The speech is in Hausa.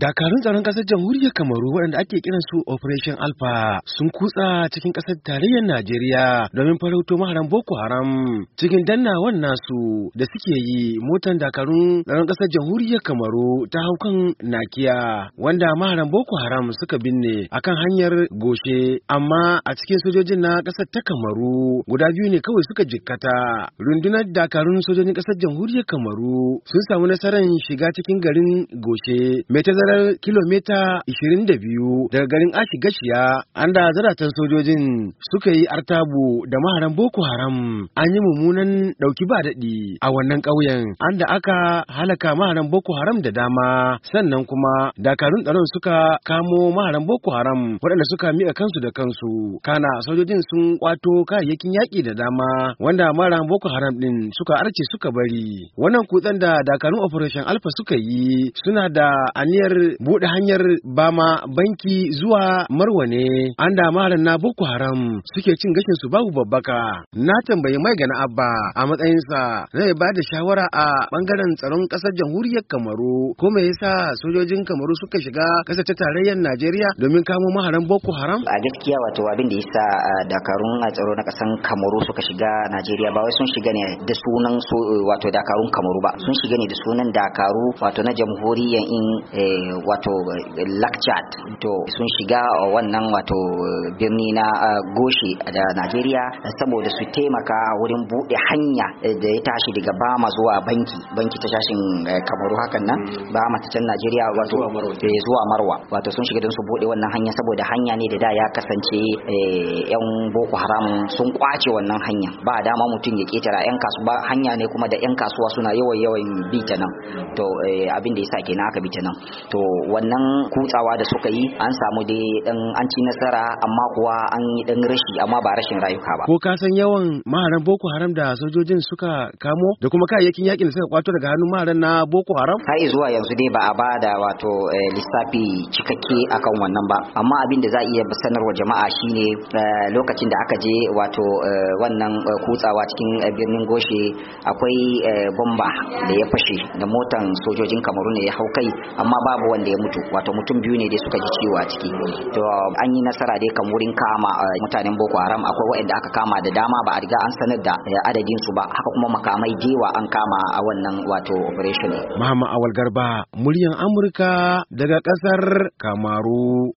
Dakarun tsaron ƙasar jamhuriyar Kamaru waɗanda ake kiran su Operation Alpha sun kutsa cikin ƙasar tarayyar Najeriya domin farauto maharan Boko Haram cikin dannawan nasu da suke yi motan dakarun tsaron ƙasar jamhuriyar Kamaru ta haukan Nakiya wanda maharan Boko Haram suka binne akan hanyar goshe amma a cikin sojojin na ƙasar ta Kamaru guda biyu ne kawai suka jikkata rundunar dakarun sojojin ƙasar jamhuriyar Kamaru sun samu nasarar shiga cikin garin goshe mai tazara tazarar kilomita 22 daga garin gashiya, an da zaratan sojojin suka yi artabu da maharan Boko Haram an yi mummunan dauki ba daɗi a wannan ƙauyen an da aka halaka maharan Boko Haram da dama sannan kuma dakarun tsaron suka kamo maharan Boko Haram waɗanda suka miƙa kansu da kansu kana sojojin sun kwato kayayyakin yaƙi da dama wanda maharan Boko Haram ɗin suka arce suka bari wannan kutsen da dakarun Operation Alpha suka yi suna da aniyar buɗe hanyar bama banki zuwa marwa ne an da maran na boko haram suke cin gashin su babu babbaka na tambayi mai gana abba a matsayinsa zai ba da shawara a bangaren tsaron ƙasar jamhuriyar kamaru ko me yasa sojojin kamaru suka shiga ƙasar ta tarayyar najeriya domin kamo maharan boko haram a gaskiya wato abin da yasa dakarun a tsaro na ƙasar kamaru suka shiga najeriya ba wai sun shiga ne da sunan wato dakarun kamaru ba sun shiga ne da sunan dakaru wato na jamhuriyar in eh, wato lakchat to sun shiga wannan wato birni na ah, goshi da najeriya saboda su taimaka wurin bude hanya da ya tashi daga bama zuwa banki banki ta shashin eh, kamaru hakan nan bama ta can najeriya wato eh, zuwa marwa wato sun shiga don su bude wannan hanya saboda hanya ne da da ya kasance eh, yan boko haram sun kwace wannan hanya ba dama mutum ya ketara yan kasuwa hanya ne kuma da yan kasuwa suna yawan yawan bi ta nan to abin da yasa kenan aka bi ta nan to to wannan kutsawa da suka yi an samu dai dan an ci nasara amma kuwa an yi dan rashi amma ba rashin rayuka ba ko ka san yawan maharan boko haram da sojojin suka kamo da kuma kayayyakin yakin da suka kwato daga hannun maharan na boko haram har zuwa yanzu dai ba a ba da wato eh, lissafi cikakke akan wannan ba amma abin da za a iya sanarwa jama'a shine eh, lokacin da aka je wato eh, wannan kutsawa cikin birnin goshe akwai bomba da ya fashe da motan sojojin kamaru ne ya hau kai amma babu samu wanda ya mutu wato mutum biyu ne dai suka ji ciwo a ciki to an yi nasara dai kan wurin kama eh, mutanen boko haram akwai waɗanda aka kama da dama ba a riga an sanar da eh, adadin su ba haka kuma makamai dewa an kama a wannan wato operation Muhammad Awal Garba muryan Amurka daga ƙasar Kamaru